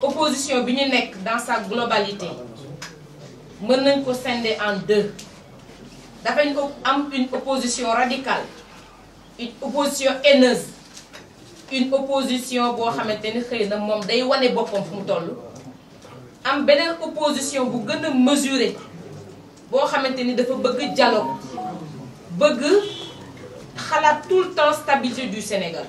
opposition bi nek dans sa globalité meun nañ ko scinder en deux dafañ ko am une opposition radicale une opposition haineuse une opposition bo xamante xeyna mom day wane bopom fu mu toll am benen opposition bu gëna a mesurée boo xamante dafa bëgg dialogue bëgg xalaat tout le temps stabilité du Sénégal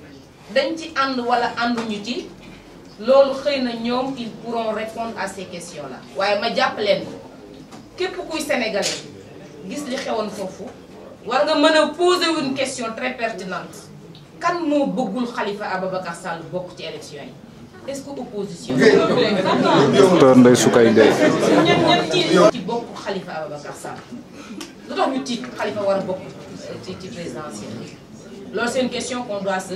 dañ ci and wala ànduñu ci loolu xëy na ñoom ils pourront répondre à ces questions là waaye ma jàpp leen ko képp kuy sénégalais gis li xewoon foofu war nga mën a poser une question très pertinente kan moo bëggul Khalifa Ababacar Sall bokk ci élection yi est-ce que opposition. docteur Ndeye Soukay Ndeye. ñun ñëpp ci ci bokk Khalifa Ababacar Sall lu tax ñu ci Khalifa war a bokk ci ci présidentiel loolu c'est une question qu'on doit se.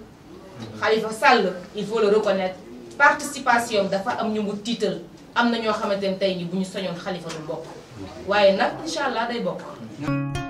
Khalifa Sall il faut le reconnaître participation dafa am ñu mu titre nous nous Khalifa du